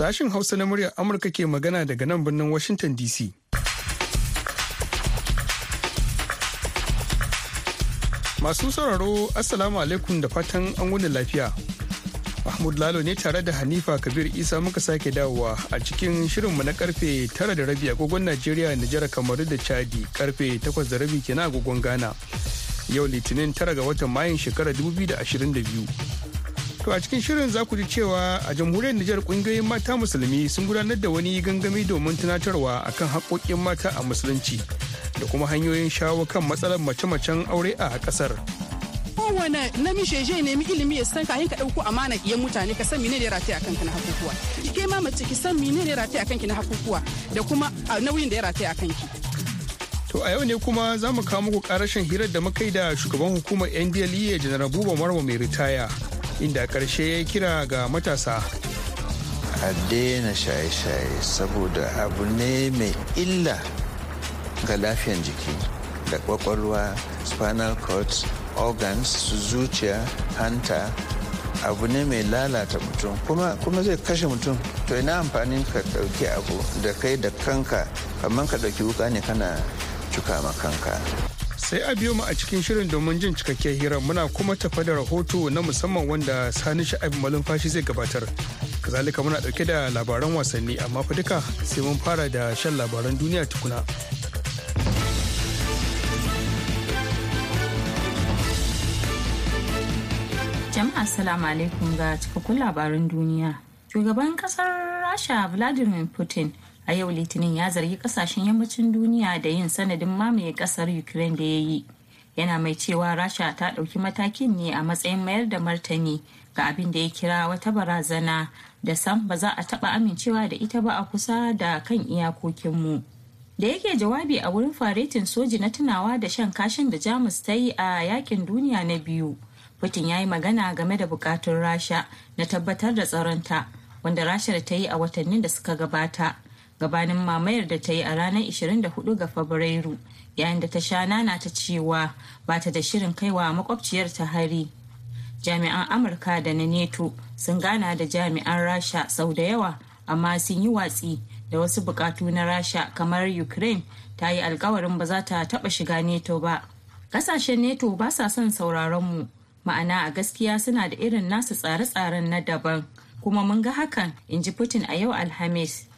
Sashin Hausa na muryar Amurka ke magana daga nan birnin Washington DC. Masu sauraro Assalamu alaikum da fatan an wuni lafiya. Mahmud Lalo ne tare da Hanifa Kabir Isa muka sake dawowa a cikin shirinmu na karfe tara da rabi agogon Najeriya, Nijar, Kamaru da Chadi karfe 8 da rabi kenan agogon Ghana. Yau Litinin 9 ga watan Mayun shekarar 2022. To a cikin shirin za ku ji cewa a jamhuriyar Nijar kungiyoyin mata musulmi sun gudanar da wani gangami domin tunatarwa akan haƙoƙin mata a musulunci da kuma hanyoyin shawo kan matsalar mace-macen aure a ƙasar. Kowane namiji ya nemi ilimi ya san kayan ka ɗauko amana iyan mutane ka san menene ya akan ki hakukuwa. Ke ma mace ki san menene ya akan ki hakukuwa da kuma nauyin da ya rataye akan ki. To a yau ne kuma za mu kawo muku ƙarashin hirar da muka yi da shugaban hukumar NDLEA Janar Buba Marwa mai ritaya inda karshe ya kira ga matasa a daina shaye-shaye saboda abu ne mai illa ga lafiyan jiki da kwakwalwa spinal cord organs zuciya hanta abu ne mai lalata mutum kuma, kuma zai kashe mutum to ina amfani ka ɗauki abu da kai da kanka kamar ka ɗauki wuka ne kana cuka ma kanka sai a biyo mu a cikin shirin domin jin cikakken hira muna kuma tafa da rahoto na musamman wanda sani sha'ib malumfashi zai gabatar kazalika muna dauke da labaran wasanni amma fa duka sai mun fara da shan labaran duniya tukuna jama'a salamu alaikum ga cikakkun labaran duniya shugaban kasar rasha vladimir putin a yau litinin ya zargi kasashen yammacin duniya da yin sanadin mamaye kasar ukraine da ya yi yana mai cewa rasha ta ɗauki matakin ne a matsayin mayar da martani ga abin da ya kira wata barazana da sam ba za a taɓa amincewa da ita ba a kusa da kan iyakokinmu da yake jawabi a wurin faretin soji na tunawa da shan kashin da jamus ta yi a yakin duniya na biyu putin ya yi magana game da bukatun rasha na tabbatar da tsaronta wanda rasha ta yi a watannin da suka gabata gabanin mamayar da ta yi a ranar 24 ga fabrairu yayin da ta sha nana ta cewa ba ta da shirin kaiwa makwabciyar ta hari jami'an amurka da na neto sun gana da jami'an rasha sau da yawa amma sun yi watsi da wasu bukatu na rasha kamar ukraine ta yi alkawarin ba za ta taba shiga neto ba kasashen neto ba sa son sauraronmu ma'ana a gaskiya suna da irin nasu tsare-tsaren na daban kuma mun ga hakan in ji putin a yau alhamis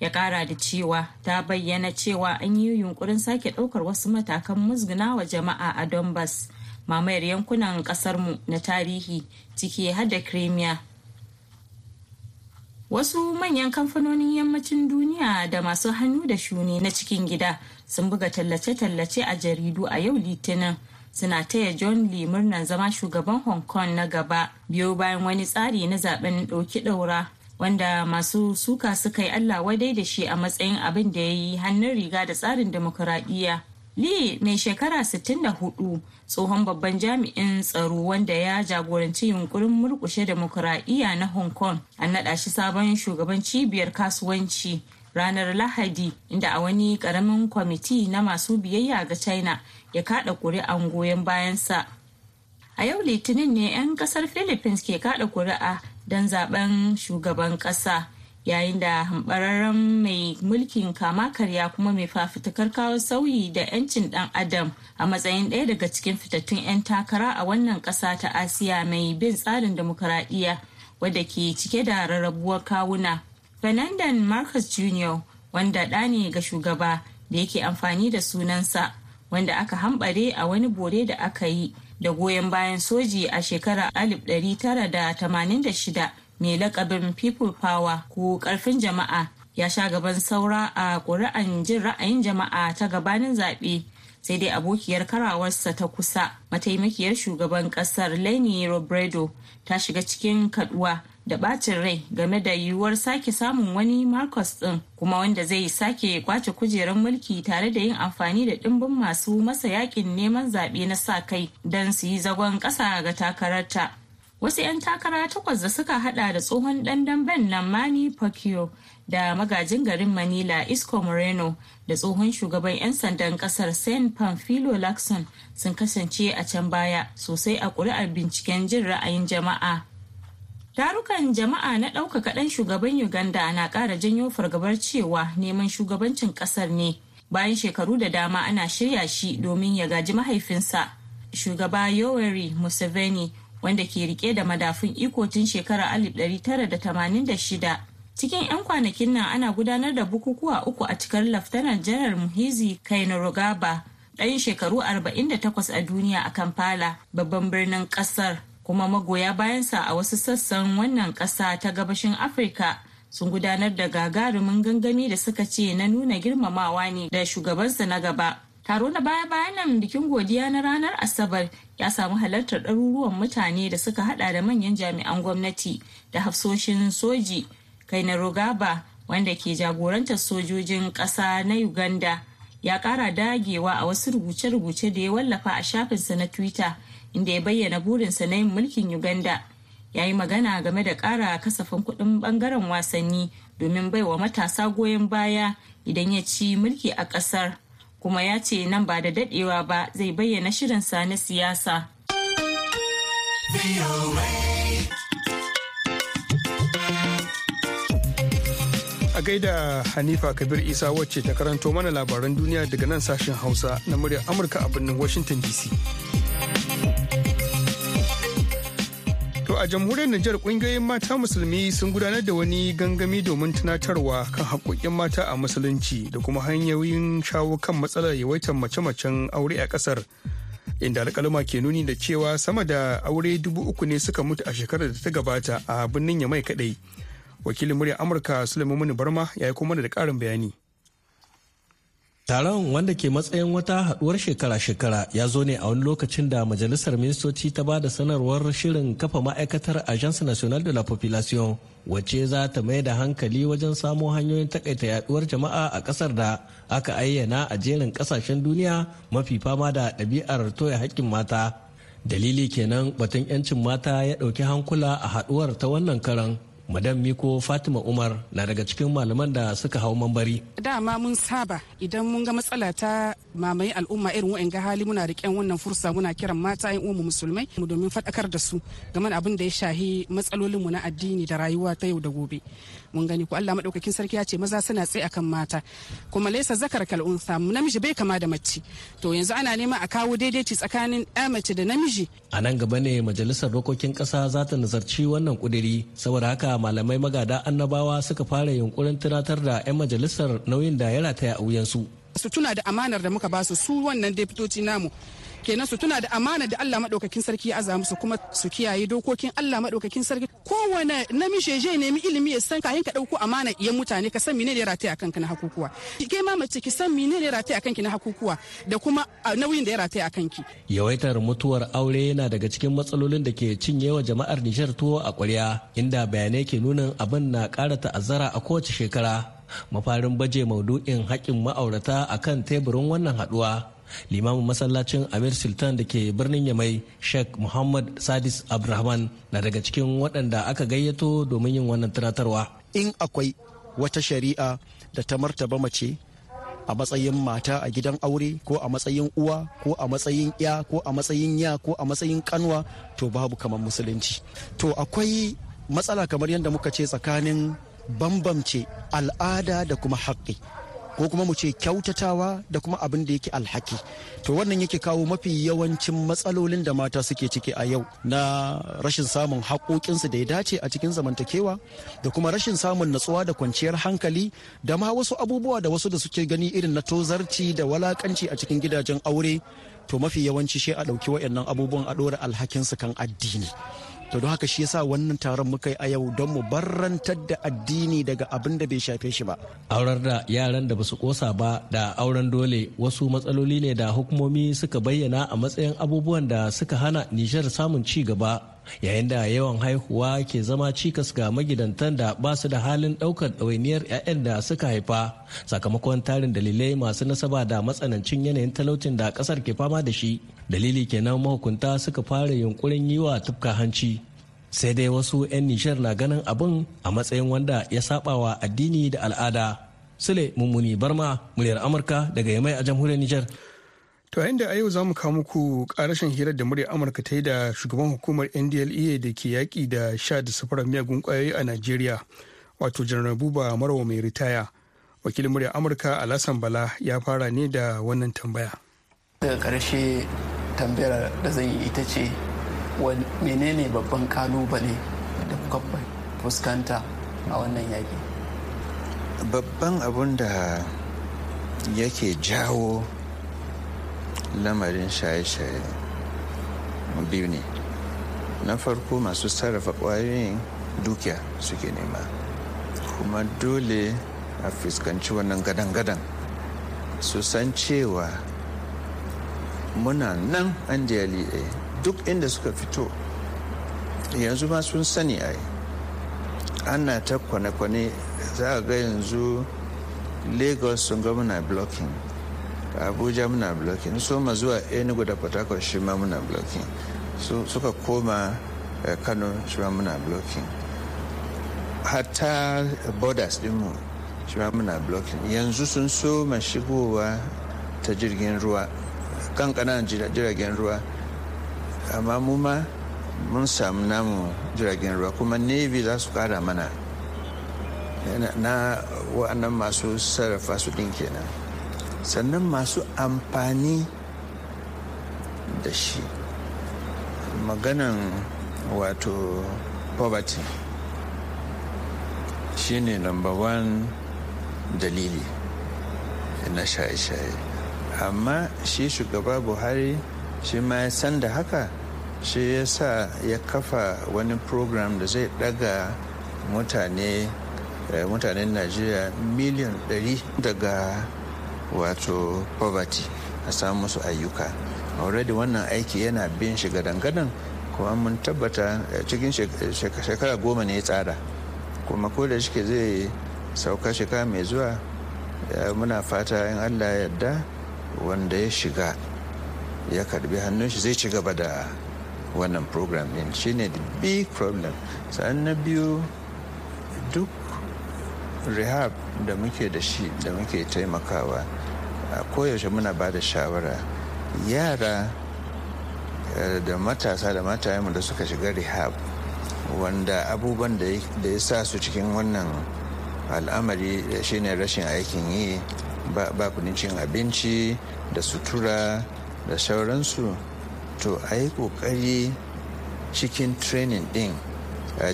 ya kara da cewa ta bayyana cewa an yi yunkurin sake ɗaukar wasu matakan musguna wa jama'a a donbass mamayar yankunan ƙasarmu na tarihi ciki hada crimea wasu manyan kamfanonin yammacin duniya da masu hannu da shuni na cikin gida sun buga tallace-tallace a jaridu a yau litinin suna taya john lee murnar zama shugaban hong kong na gaba biyo bayan wani tsari na zaben ɗauki ɗaura wanda masu suka suka yi Allah wadai da shi a matsayin abin da ya yi hannun riga da tsarin demokuraɗiyya. Li mai shekara 64 tsohon babban jami'in tsaro wanda ya jagoranci yunkurin murkushe demokuraɗiyya na Hong Kong an naɗa shi sabon shugaban cibiyar kasuwanci ranar Lahadi inda a wani ƙaramin kwamiti na masu biyayya ga China ya kaɗa ƙuri'an goyon bayansa. A yau Litinin ne 'yan ƙasar Philippines ke kaɗa ƙuri'a don zaben shugaban ƙasa yayin da hambararren mai mulkin kama karya kuma mai fafutukar kawo sauyi da 'yancin dan adam a matsayin ɗaya daga cikin fitattun 'yan takara a wannan ƙasa ta asiya mai bin tsarin demokuraɗiyya wadda ke cike da rarrabuwar kawuna fernandan marcus jr wanda ɗa ne ga shugaba da yake amfani da sunansa wanda aka hambare a wani bore da aka yi da goyon bayan soji a shekarar 1986 mai lakabin people power ko karfin jama'a ya sha gaban saura a ƙuri'an jin ra'ayin jama'a ta gabanin zaɓe sai dai abokiyar karawarsa ta kusa mataimakiyar shugaban ƙasar leni robredo ta shiga cikin kaduwa da bacin rai game da yiwuwar sake samun wani marcus din kuma wanda zai sake kwace kujerar mulki tare da yin amfani da dimbin masu masa yakin neman zaɓe na sa kai don su yi zagon ƙasa ga takararta wasu 'yan takara takwas da suka hada da tsohon dandan damben nan mani pacquiao da magajin garin manila isco moreno da tsohon shugaban 'yan sandan kasar san pamphilo lacson sun kasance a can baya sosai a kuri'ar binciken jin ra'ayin jama'a Tarukan jama'a na ɗaukaka ɗan shugaban Uganda na ƙara janyo fargabar cewa neman shugabancin ƙasar ne. Bayan shekaru da dama ana shirya shi domin ya gaji mahaifinsa. Shugaba Yoweri Museveni wanda ke rike da madafun iko tun shekarar 1986 cikin 'yan kwanakin nan ana gudanar da bukukuwa uku a cikar laftanar janar muhizi kainarogaba ɗayan shekaru 48 a duniya a kampala babban birnin ƙasar kuma magoya bayansa a wasu sassan wannan ƙasa ta gabashin afirka sun gudanar da gagarumin gangami da suka ce na nuna girmamawa ne da shugabansa na gaba taro na baya bayan nan bikin godiya na ranar asabar ya samu halartar ɗaruruwan mutane da suka hada da manyan jami'an gwamnati da hafsoshin soji kai na rogaba wanda ke jagorantar sojojin ƙasa na uganda ya ƙara dagewa a wasu rubuce-rubuce da ya wallafa a shafinsa na twitter inda ya bayyana burinsa na yin mulkin uganda ya yi magana game da ƙara kasafin kuɗin ɓangaren wasanni domin baiwa matasa goyon baya idan ya ci mulki a ƙasar kuma ya ce nan ba da daɗewa ba zai bayyana shirinsa na siyasa. a gaida Hanifa Kabir Isa wacce ta karanto mana labaran duniya daga nan sashen Hausa na muryar Amurka a birnin Washington DC. To a jamhuriyar Nijar kungiyoyin mata musulmi sun gudanar da wani gangami domin tunatarwa kan haƙoƙin mata a musulunci da kuma hanyoyin shawo kan matsalar yawaitar mace-macen aure a ƙasar. Inda alƙaluma ke nuni da cewa sama da aure dubu uku ne suka mutu a shekarar da ta gabata a birnin Yamai kaɗai. Wakilin muryar Amurka Sulaiman Barma ya yi kuma da ƙarin bayani. Taron wanda ke matsayin wata haɗuwar shekara-shekara ya zo ne a wani lokacin da Majalisar Ministoci ta ba da sanarwar shirin kafa ma'aikatar Agence Nationale de la Population wacce za ta mai da hankali wajen samo hanyoyin takaita yaduwar jama'a a ƙasar da aka ayyana a jerin ƙasashen duniya mafi fama da ɗabi'ar toya haƙƙin mata. Dalili kenan batun 'yancin mata ya ɗauki hankula a haɗuwar ta wannan karan. madam miko fatima umar na daga cikin malaman da suka hau mambari dama mun saba idan mun ga matsala ta mamaye al'umma irin wa'in ga hali muna riƙen wannan fursa muna kiran mata yan uwanmu musulmai mu domin faɗakar da su game abin da ya shahi matsalolinmu na addini da rayuwa ta yau da gobe mun gani ko Allah madaukakin sarki ya ce maza suna tsaye akan mata kuma laisa zakar kal unsa namiji bai kama da mace to yanzu ana nema a kawo daidaici tsakanin ɗa mace da namiji a nan gaba ne majalisar dokokin ƙasa za ta nazarci wannan kuduri saboda haka malamai magada annabawa suka fara yunkurin tunatar da 'yan majalisar nauyin da ya rataya a wuyansu. su tuna da amanar da muka basu su wannan deputoci namu kenan su tuna da amana da Allah madaukakin sarki ya aza musu kuma su kiyaye dokokin Allah madaukakin sarki kowane namiji je nemi ilimi ya san kayan ka dauko amana iyan mutane ka san menene ya kanka na hakukuwa ke ma mace ki san menene ya kanki na hakukuwa da kuma nauyin da ya ya kanki yawaitar mutuwar aure yana daga cikin matsalolin da ke cinyewa jama'ar Nijar tuwo a ƙwarya inda bayanai ke nuna abin na ƙara ta'azzara a kowace shekara mafarin baje maudu'in haƙƙin ma'aurata akan teburin wannan haɗuwa limamin masallacin amir sultan da ke birnin yamai sheikh muhammad sadis abdulrahman na daga cikin waɗanda aka gayyato domin yin wannan tunatarwa in akwai wata shari'a da ta martaba mace a matsayin mata a gidan aure ko a matsayin uwa ko a matsayin ya ko a matsayin ya ko a matsayin kanwa to babu kamar musulunci to akwai matsala kamar yadda muka ce tsakanin bambamce al'ada da kuma haƙƙi ko kuma mu ce kyautatawa da kuma abin da yake alhaki to wannan yake kawo mafi yawancin matsalolin da mata suke ciki a yau na rashin samun haƙoƙinsu da ya dace a cikin zamantakewa da kuma rashin samun natsuwa da kwanciyar hankali da ma wasu abubuwa da wasu da suke gani irin na tozarci da walakanci a cikin gidajen aure to mafi yawanci shi a ɗauki waɗannan abubuwan a ɗora alhakinsu kan addini to don haka shi yasa wannan taron muka yi a yau don mu barrantar da addini daga abin da bai shafe shi ba aurar da yaran da basu kosa ba da auren dole wasu matsaloli ne da hukumomi suka bayyana a matsayin abubuwan da suka hana nijar samun ci gaba yayin da yawan haihuwa ke zama cikas ga magidantan da ba su da halin ɗaukar ɗawainiyar 'ya'yan da suka haifa sakamakon tarin dalilai masu nasaba da matsanancin yanayin talaucin da ƙasar ke fama da shi dalili kenan mahukunta suka fara yunkurin yi wa tufka hanci sai dai wasu 'yan nishar na ganin abin a matsayin wanda ya wa addini da al'ada sule mummuni barma muryar amurka daga yamai a jamhuriyar nijar To inda a yau za mu kawo muku karashin hirar da muryar Amurka ta yi da shugaban hukumar NDLEA da ke yaƙi da sha da safarar miyagun ƙwayoyi a Najeriya, wato Janar Buba Marwa mai ritaya. Wakilin muryar Amurka Alasan Bala ya fara ne da wannan tambaya. Daga ƙarshe tambayar da zan yi ita ce, menene babban kalubale da kuka fuskanta a wannan yaƙi? Babban abun da yake jawo lamarin shaye-shaye biyu ne na farko masu sarrafa kwayoyin dukiya suke nema kuma dole a fuskanci wannan gadan-gadan su san cewa muna nan an jali ɗaya eh, duk inda suka fito yanzu ma sun sani a yi ana ta kwane-kwane za a ga yanzu lagos sun ga muna blocking abuja muna blocking soma zuwa enugu da port shi ma muna blocking suka koma eh, kano shi ma muna blocking hatta borders dinmu shi ma muna blocking yanzu sun soma shigowa ta jirgin ruwa kan kananan jiragen ruwa amma mu ma mun samu namu jiragen ruwa kuma navy za su kara mana na wa'annan masu sarrafa su din kenan sannan masu amfani da shi maganan wato poverty shi ne number one dalili na shaye-shaye amma shi shugaba buhari shi ma ya san da haka shi ya sa ya kafa wani program da zai daga mutane eh, mutanen najeriya miliyan 100 daga wato poverty a samu musu ayyuka already wannan aiki yana bin shi gadan kuma mun tabbata eh, cikin eh, shekara goma ne ya tsara kuma ko da shi zai sauka shekara mai zuwa eh, muna fata in allah yadda wanda ya shiga ya karbi hannun shi zai ci gaba da wannan program din shine the big problem sa'an na biyu duk rehab da muke da shi da muke taimakawa koyaushe muna ba da shawara yara eh, da matasa da matayenmu da suka shiga rehab wanda abubuwan da ya sa su cikin wannan al'amari shine rashin aikin yi ba kudin cin abinci da sutura da sauransu to a yi kokari cikin training din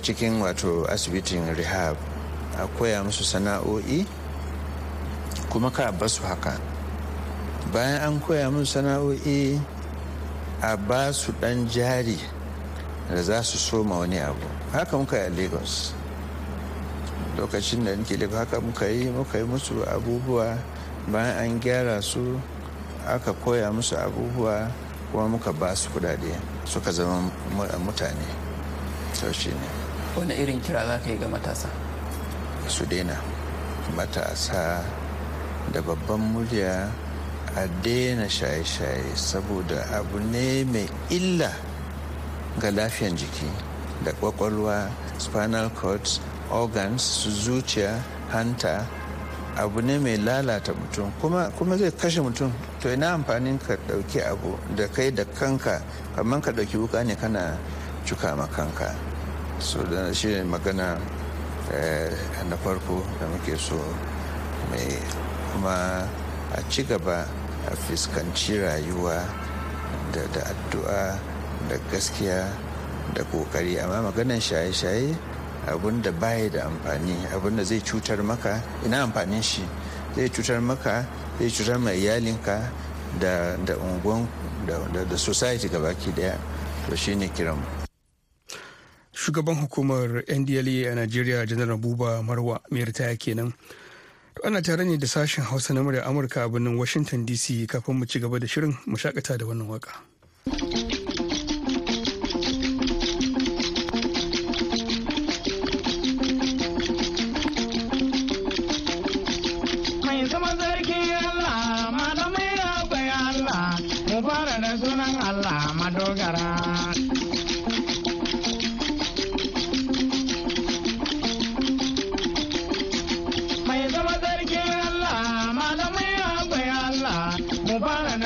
cikin wato asibitin rehab a koya musu sana'o'i kuma ka basu haka bayan an koya musu sana'o'i a ba su dan jari da za su soma wani abu haka muka yi a lagos lokacin da nke lagos haka muka yi muka yi musu abubuwa bayan an gyara su aka koya musu abubuwa kuma muka ba su kudade suka zama mutane sau shi ne wani irin kira za ka yi ga matasa su daina matasa da babban murya a daina shaye-shaye saboda abu ne mai illa ga lafiyan jiki da kwakwalwa spinal cord organs zuciya hanta abu ne mai lalata mutum kuma, kuma zai kashe mutum to ina amfanin ka dauki abu da kai da kanka kamar ka dauki wuka ne kana cuka ma kanka so da shi magana Eh, na farko da muke so mai kuma a ci gaba a fuskanci rayuwa da addu'a da gaskiya da kokari amma maganan shaye-shaye abun da baya da amfani abun da zai cutar maka ina amfanin shi zai cutar maka zai cutar mai iyalinka da unguwan da society gabaki daya to shine kiranmu shugaban hukumar ndla e a najeriya janar buba marwa mai ritaya kenan to ana tare ne da sashen hausa na murya amurka a birnin washington dc kafin mu ci gaba da shirin mu shakata da wannan waka.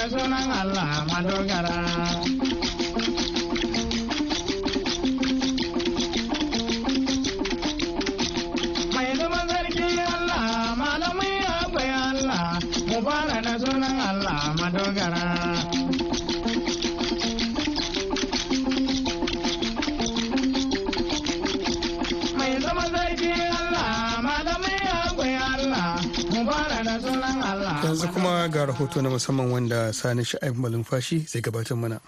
da sunan Allah madogara. rahoto na musamman wanda sani sha'ib malumfashi zai gabatar mana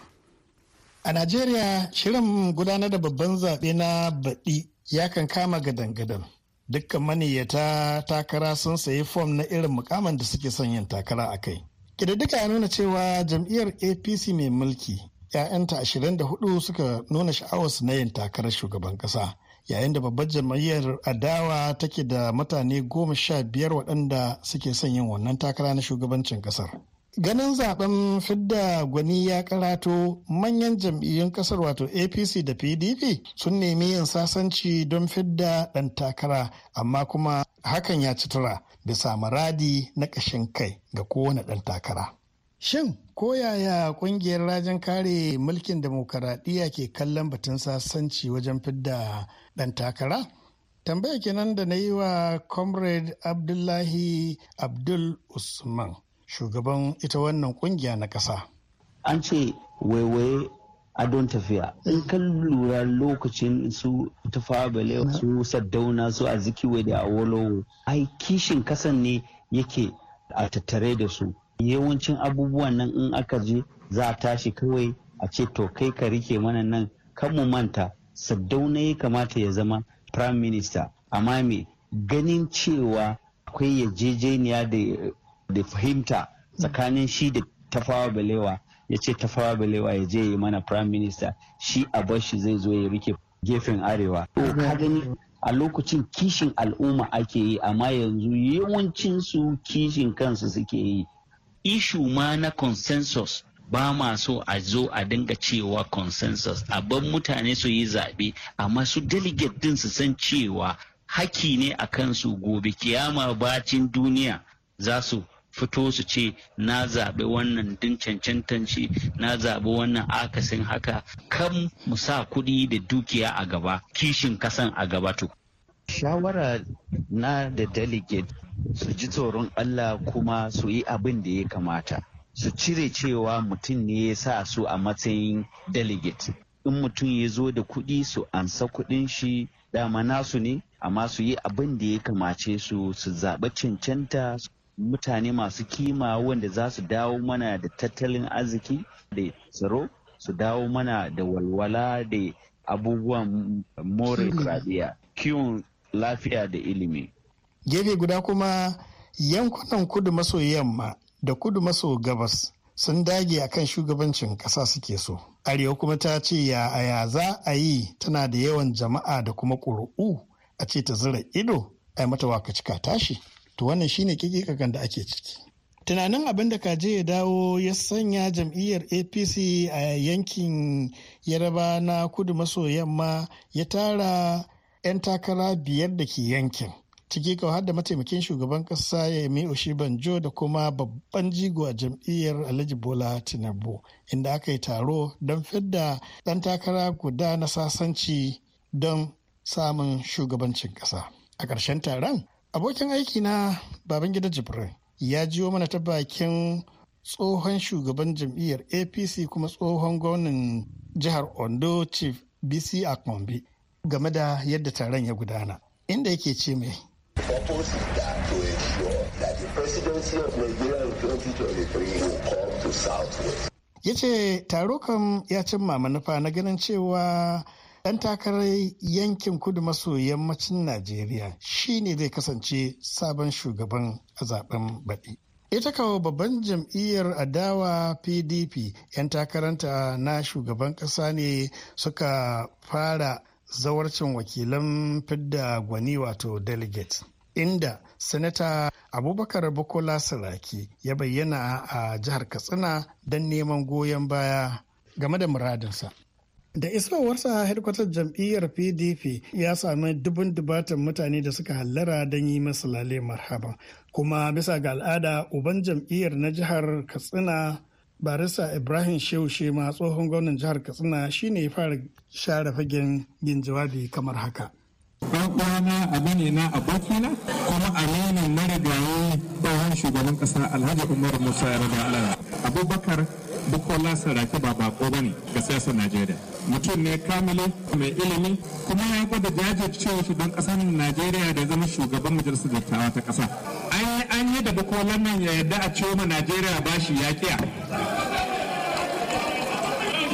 a najeriya shirin gudanar da babban zaɓe na baɗi ya kan kama gadan-gadan dukkan maniyyata takara sun sayi fom na irin mukamman da suke son yin takara a kai Ƙididdika ya nuna cewa jam'iyyar apc mai mulki 'ya'yanta 24 suka nuna sha'awarsu na yin takarar shugaban ƙasa yayin da babbar jam'iyyar adawa take da mutane goma sha biyar waɗanda suke son yin wannan takara na shugabancin ƙasar. ganin zaben fidda gwani ya karato manyan jam'iyyun kasar wato apc da pdp sun nemi yin sasanci don fidda ɗan takara amma kuma hakan ya ci tura bisa muradi na ƙashin kai ga kowane ɗan takara shin ko yaya ƙungiyar rajin kare mulkin demokaradiyya ke kallon batun sasanci wajen fidda ɗan takara? Tambaya kenan da na yi wa Comrade Abdullahi Abdul Usman, shugaban ita wannan kungiya na ƙasa. An ce waiwaye adon tafiya in ka lura lokacin su tufa bale su saddauna su a ziki da awolowo ai kishin kasan ne yake a tattare da su yawancin abubuwan nan in aka je za a tashi kawai a ce to kai ka rike mana nan kan mu manta Sardauna ya kamata ya zama Prime Minister. Amma mai ganin cewa akwai yajejeniya da fahimta tsakanin shi da tafawa balewa ya ce tafawa balewa ya je yi mana prime minister shi a bashi zai zo ya rike gefen arewa to ka gani a lokacin kishin al'umma ake yi amma yanzu yawancin su kishin kansu suke yi ishu ma na consensus ba ma so a zo a dinga cewa consensus a mutane su yi zaɓe amma su delegate din su san cewa haki ne a kansu gobe kiyama bacin duniya za su fito su ce na zaɓi wannan din cancantan shi na zaɓi wannan akasin haka kan mu sa kuɗi da dukiya a gaba kishin kasan a gaba to. shawara na da delegate su ji tsoron allah kuma su yi abin da ya kamata su cire cewa mutum ne ya sa su a matsayin delegate in mutum ya zo da kuɗi su ansa kuɗin shi dama nasu ne amma su yi abin da ya kamace su su zaɓi cancanta mutane masu kima wanda za su dawo mana da tattalin arziki da tsaro su dawo mana da walwala da abubuwan more kuradiya kiwon lafiya da ilimi gefe guda kuma yankunan kudu maso yamma da kudu maso gabas sun dage a kan shugabancin ƙasa suke so. Arewa kuma ta ce ya aya za a yi tana da yawan jama'a da kuma ƙuri'u a ce ta zira ido a mata waka cika tashi. To wannan shine kikikakan da ake ciki. Tunanin abin da kaje ya dawo ya sanya jam'iyyar APC a yankin Yaraba na kudu maso yamma ya tara 'yan takara biyar da ke yankin. ciki kawai har da mataimakin shugaban kasa oshi banjo da kuma babban jigo a jam'iyyar alhaji bola tinubu inda aka yi taro don fidda ɗan takara guda na sasanci don samun shugabancin ƙasa. a ƙarshen taron abokin aiki na babangida jibrin ya jiwo mana ta bakin tsohon shugaban jam'iyyar apc kuma tsohon gwamnan jihar ondo chief bc akombi game da yadda taron ya gudana inda yake ce mai purpose is that to ensure that the presidency of Nigeria in 2023 will come to Southwest. Ya ce taro kan ya cimma manufa na ganin cewa ɗan takarar yankin kudu maso yammacin Najeriya shi ne zai kasance sabon shugaban a zaben baɗi. Ita kawo babban jam'iyyar adawa PDP 'yan takaranta na shugaban ƙasa ne suka fara zawarcin wakilan fidda gwani wato delegate inda sanata abubakar bukola Salaki ya bayyana a jihar katsina don neman goyon baya game da muradinsa da isowarsa hedkwatar jam'iyyar pdp ya sami dubun dubatan mutane da suka hallara don yi masa lale marhaba kuma bisa ga al'ada uban jam'iyyar na jihar katsina barista ibrahim shehu shema tsohon gwamnan jihar katsina shine ya fara share fagen yin jawabi kamar haka ɗan'uwana abu ne na abokina kuma mara marigayi tsohon shugaban ƙasa alhaji umar musa ya yarda abubakar Bukola Saraki ba bako ba ne ga siyasar Najeriya. Mutum ne kamilin mai ilimi kuma ya gwada jajircewa shi don ƙasar Najeriya da zama shugaban majalisar dattawa ta ƙasa. An yi da Bukola nan ya yarda a ciwo ma Najeriya bashi yaƙiya.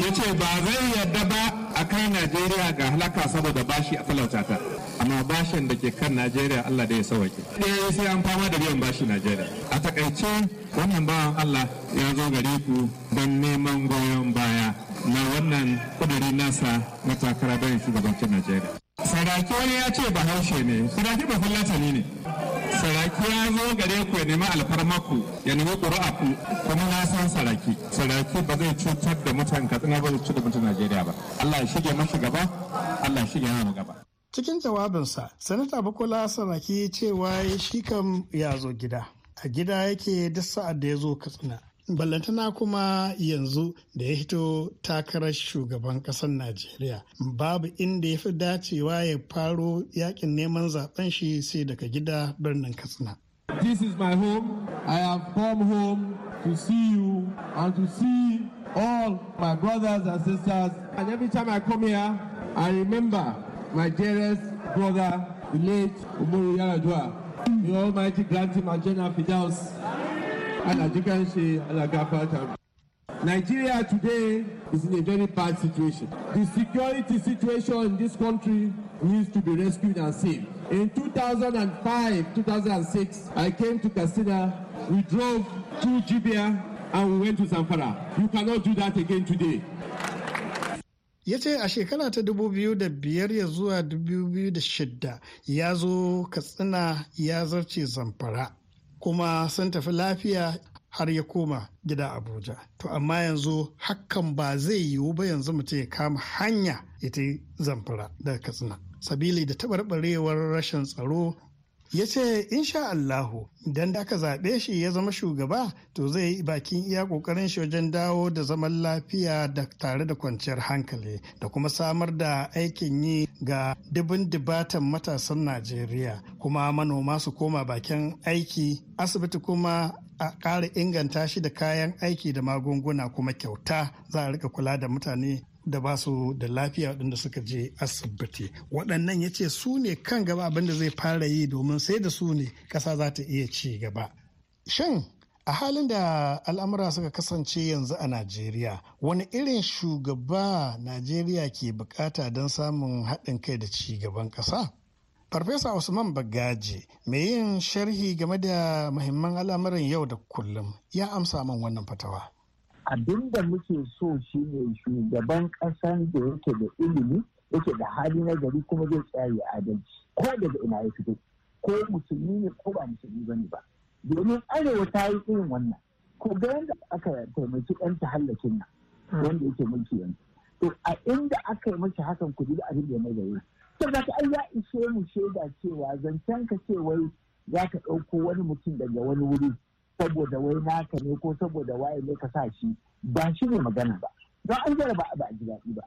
ya ce ba zai yarda ba a kai najeriya ga halaka saboda bashi a talauta ta amma bashin da ke kan najeriya allah da ya sauwake ɗaya sai an fama da biyan bashi najeriya a takaice wannan bawan allah ya zo gari ku don neman goyon baya na wannan kuduri nasa na takara bayan shugabancin najeriya saraki wani ya ce ba haushe ne saraki ba ne saraki ya zo gare ku ya nemi alfarmaku ya nemi ƙura'a ku kuma na san saraki saraki ba zai cutar da mutan katsina ba zai cutar da mutan najeriya ba allah ya shige masa gaba allah ya shige mana gaba cikin jawabinsa sanata bakola saraki cewa shi kam ya zo gida a gida yake duk sa'ad da ya zo katsina ballantana kuma yanzu da ya hito takarar shugaban ƙasar najeriya babu inda ya fi dacewa ya faro yakin neman zaben shi sai daga gida birnin katsina This is my home. I have come home to see you and to see all my brothers and sisters. And every time I come here, I remember my dearest brother, the late Umaru Yaradua. the Almighty grant him a general fidels And as you can see, Nigeria today is in a very bad situation. The security situation in this country needs to be rescued and saved. In 2005, 2006, I came to Katsina. We drove to Jibia and we went to Zamfara. You cannot do that again today. ya ce a shekara ta 2005 ya zuwa 2006 ya zo katsina ya zarce zamfara kuma sun tafi lafiya har ya koma gida abuja to amma yanzu hakan ba zai yiwu ba yanzu mutum ya kama hanya ita zamfara daga katsina sabili da taɓarɓarewar rashin tsaro ya ce insha Allahu idan da aka zaɓe shi ya zama shugaba to zai yi bakin iya ƙoƙarin shi wajen dawo da zaman lafiya da tare da kwanciyar hankali da kuma samar da aikin yi ga dubin dubatan matasan Najeriya kuma manoma su koma bakin aiki asibiti kuma a ƙara inganta shi da kayan aiki da magunguna kuma kyauta za a rika kula da mutane da ba su da lafiya waɗanda suka je asibiti waɗannan ya ce su ne kan gaba abin da zai fara yi domin sai da su ne ƙasa za ta iya ci gaba shin a halin da al'amura suka kasance yanzu a najeriya wani irin shugaba najeriya ke bukata don samun haɗin kai da ci gaban ƙasa farfesa usman bagaji mai yin sharhi game da muhimman al'amuran yau da kullum ya amsa min wannan fatawa abin da muke so shi ne shugaban ƙasan da yake da ilimi yake da hali na gari kuma zai tsaye adalci ko daga ina ya fito ko musulmi ne ko ba musulmi bane ba domin arewa ta yi irin wannan ko ga yadda aka taimaki ɗan tahallakin nan wanda yake mulki yanzu to a inda aka yi mashi hakan ku da abin da ya mai da wuri saboda ka ya ishe mu shaida cewa zancen ka ce wai za ka ɗauko wani mutum daga wani wuri saboda wai naka ne ko saboda waye ne ka sa shi ba shi ne magana ba don an jaraba ba a ji daɗi ba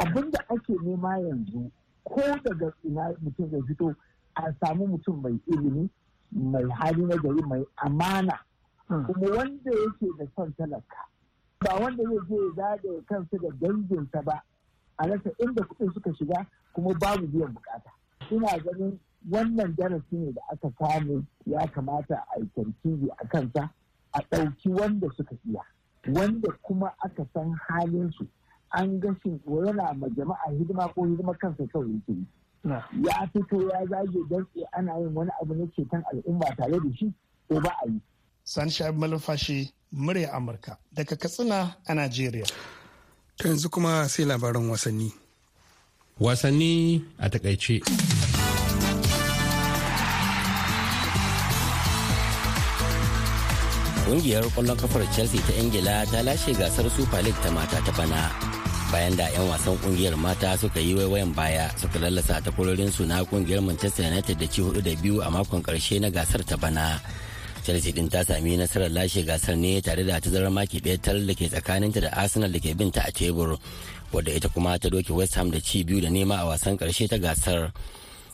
abin da ake nema yanzu ko daga ina mutum zai fito a samu mutum mai ilimi mai hali na gari mai amana hmm. kuma wanda yake da son talaka ba wanda zai je ya zagaye kansa da danginsa ba a rasa inda kuɗin suka shiga kuma babu biyan bukata ina ganin wannan darasi ne da aka samu ya kamata a yi a kansa a ɗauki wanda suka iya wanda kuma aka san halinsu an ga shi yana ma jama'a hidima ko hidima kansa kawai yake yi ya fito ya zage dantse ana yin wani abu na ceton al'umma tare da shi ko ba a yi sunshine malfashi murya amurka daga katsina a najeriya ta yanzu kuma sai labarin wasanni wasanni a takaice kungiyar kwallon kafar Chelsea ta Ingila ta lashe gasar Super League ta mata ta bana. Bayan da 'yan wasan ƙungiyar mata suka yi waiwayan baya suka lallasa su na kungiyar Manchester United da ci hudu da biyu a makon karshe na gasar ta bana. chelsea din ta sami nasarar lashe gasar ne tare da tazarar maki ɗaya da ke tsakaninta da arsenal da ke binta a tebur wadda ita kuma ta doke west ham da ci biyu da nema a wasan karshe ta gasar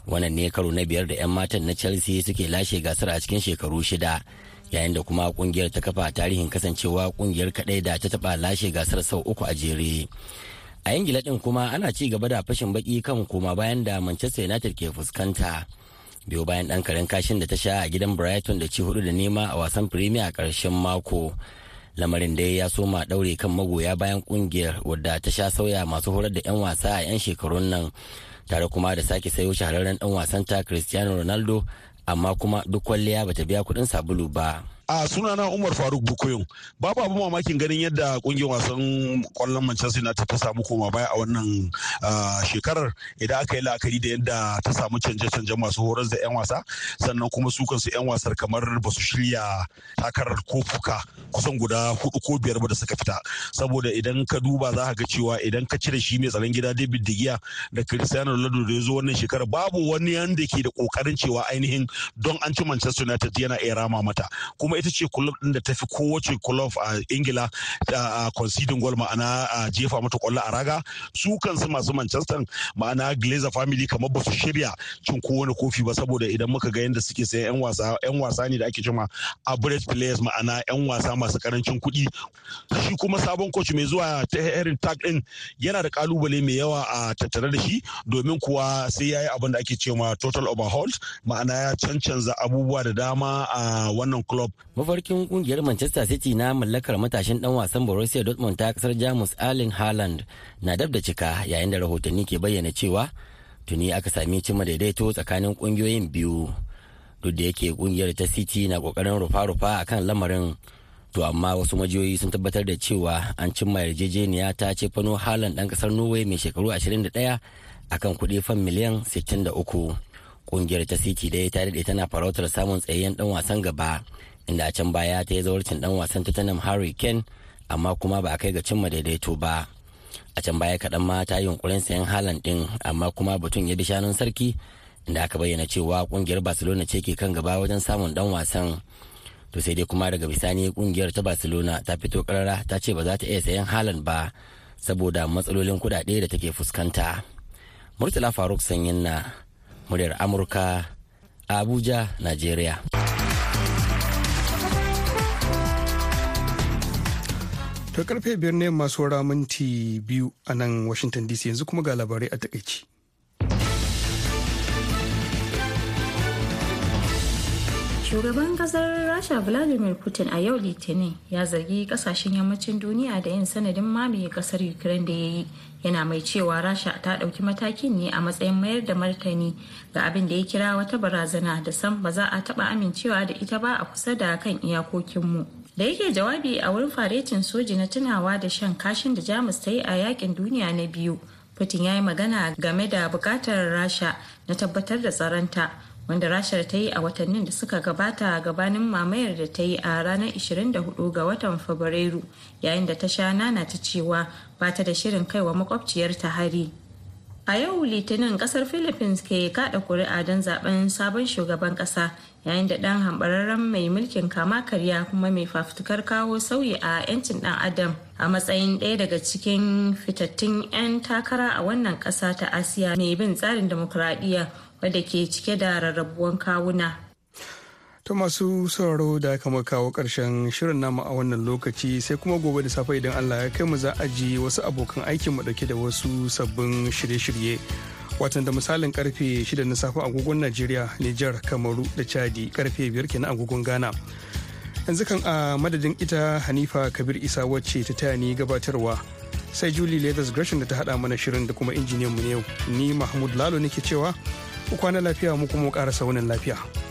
wannan ne karo na biyar da 'yan matan na chelsea suke lashe gasar a cikin shekaru shida yayin da kuma kungiyar ta kafa tarihin kasancewa kungiyar kadai da ta taba lashe gasar sau uku a jere a ingila din kuma ana ci gaba da fashin baki kan koma bayan da manchester united ke fuskanta biyo bayan ɗan karen kashin da ta sha a gidan brighton da ci hudu da nema a wasan premier a karshen mako lamarin da ya soma daure kan magoya bayan kungiyar wadda ta sha sauya masu horar da 'yan wasa a 'yan shekarun nan tare kuma da sake sayo shahararren dan wasan ta cristiano ronaldo amma kuma duk kwalliya bata biya kuɗin sabulu ba a sunana umar faruk bukoyin babu abin mamakin ganin yadda kungiyar wasan kwallon manchester united ta samu koma baya a wannan shekarar idan aka yi la'akari da yadda ta samu canje-canje masu horar da 'yan wasa sannan kuma su kansu 'yan wasar kamar ba su shirya takarar kofuka kusan guda hudu ko biyar ba da suka fita saboda idan ka duba za ka ga cewa idan ka cire shi mai tsaron gida david de gea da cristiano ronaldo da ya zo wannan shekarar babu wani yanda ke da kokarin cewa ainihin don an ci manchester united yana iya rama mata kuma ita ce kulob din da tafi kowace kulob a ingila a conceding goal ma'ana a jefa mata kwallo a raga su kansu masu manchester ma'ana glazer family kamar ba su shirya cin kowane kofi ba saboda idan muka ga yadda suke sayan yan wasa ne da ake cima average players ma'ana yan wasa masu karancin kuɗi shi kuma sabon coach mai zuwa ta irin tag din yana da kalubale mai yawa a tattare da shi domin kuwa sai ya yi abin da ake cewa total overhaul ma'ana ya cancanza abubuwa da dama a wannan club mafarkin kungiyar manchester city na mallakar matashin dan wasan borussia dortmund ta kasar jamus allen haaland na dab da cika yayin da rahotanni ke bayyana cewa tuni aka sami cimma daidaito tsakanin kungiyoyin biyu duk da yake kungiyar ta city na kokarin rufa-rufa a kan lamarin to amma wasu majiyoyi sun tabbatar da cewa an cimma yarjejeniya ta ce fano haaland dan kasar norway mai shekaru 21 akan kuɗi fan miliyan 63 kungiyar ta city dai ta daɗe tana farautar samun tsayayyen dan wasan gaba inda a can baya ta yi zawarcin dan wasan tottenham harry kane amma kuma ba a kai ga cimma daidaito ba a can baya kaɗan ma ta yi yunkurin sayan halan ɗin amma kuma batun ya bi shanun sarki inda aka bayyana cewa kungiyar barcelona ce ke kan gaba wajen samun dan wasan to sai dai kuma daga bisani kungiyar ta barcelona ta fito karara ta ce ba za ta iya sayan halan ba saboda matsalolin kuɗaɗe da take fuskanta murtala faruk sanyin na muryar amurka abuja nigeria To karfe biyar ne masu wara minti biyu a nan Washington DC yanzu kuma ga labarai a takaici. Shugaban kasar Rasha Vladimir Putin a yau Litinin ya zargi kasashen yammacin duniya da yin sanadin mamaye kasar Ukraine da ya yi yana mai cewa Rasha ta ɗauki matakin ne a matsayin mayar da martani ga abin da ya kira wata barazana da san ba za a taɓa amincewa da ita ba a kusa da kan iyakokinmu. da yake jawabi a wurin faretin soji na tunawa da shan kashin da jamus ta yi a yakin duniya na biyu putin ya yi magana game da bukatar rasha na tabbatar da tsaronta wanda rashar ta yi a watannin da suka gabata gabanin mamayar da ta yi a ranar 24 ga watan fabrairu yayin da ta sha nana ta cewa ba ta da shirin kaiwa makwabciyar ta hari a yau litinin kasar philippines ke kada kuri'a don zaben sabon shugaban kasa yayin da ɗan hambararren mai mulkin kama karya kuma mai fafutukar kawo sauyi a 'yancin ɗan adam a matsayin ɗaya daga cikin fitattun 'yan takara a wannan ƙasa ta asiya mai bin tsarin demokuraɗiyya wadda ke cike da rarrabuwan kawuna ta masu sauraro da aka kawo ƙarshen shirin nama a wannan lokaci sai kuma gobe da safe idan allah ya kai mu za a ji wasu abokan aikin mu dauke da wasu sabbin shirye-shirye watan da misalin karfe 6 na safe agogon Najeriya, Nijar, Kamaru da Chadi karfe 5 kenan agogon Ghana. Yanzu kan a madadin ita Hanifa Kabir Isa wacce ta taya ni gabatarwa. Sai Julie Leathers Gresham da ta hada mana shirin da kuma injiniyan mu ne yau. Ni Mahmud Lalo nake cewa ku kwana lafiya mu kuma ƙara saunin lafiya.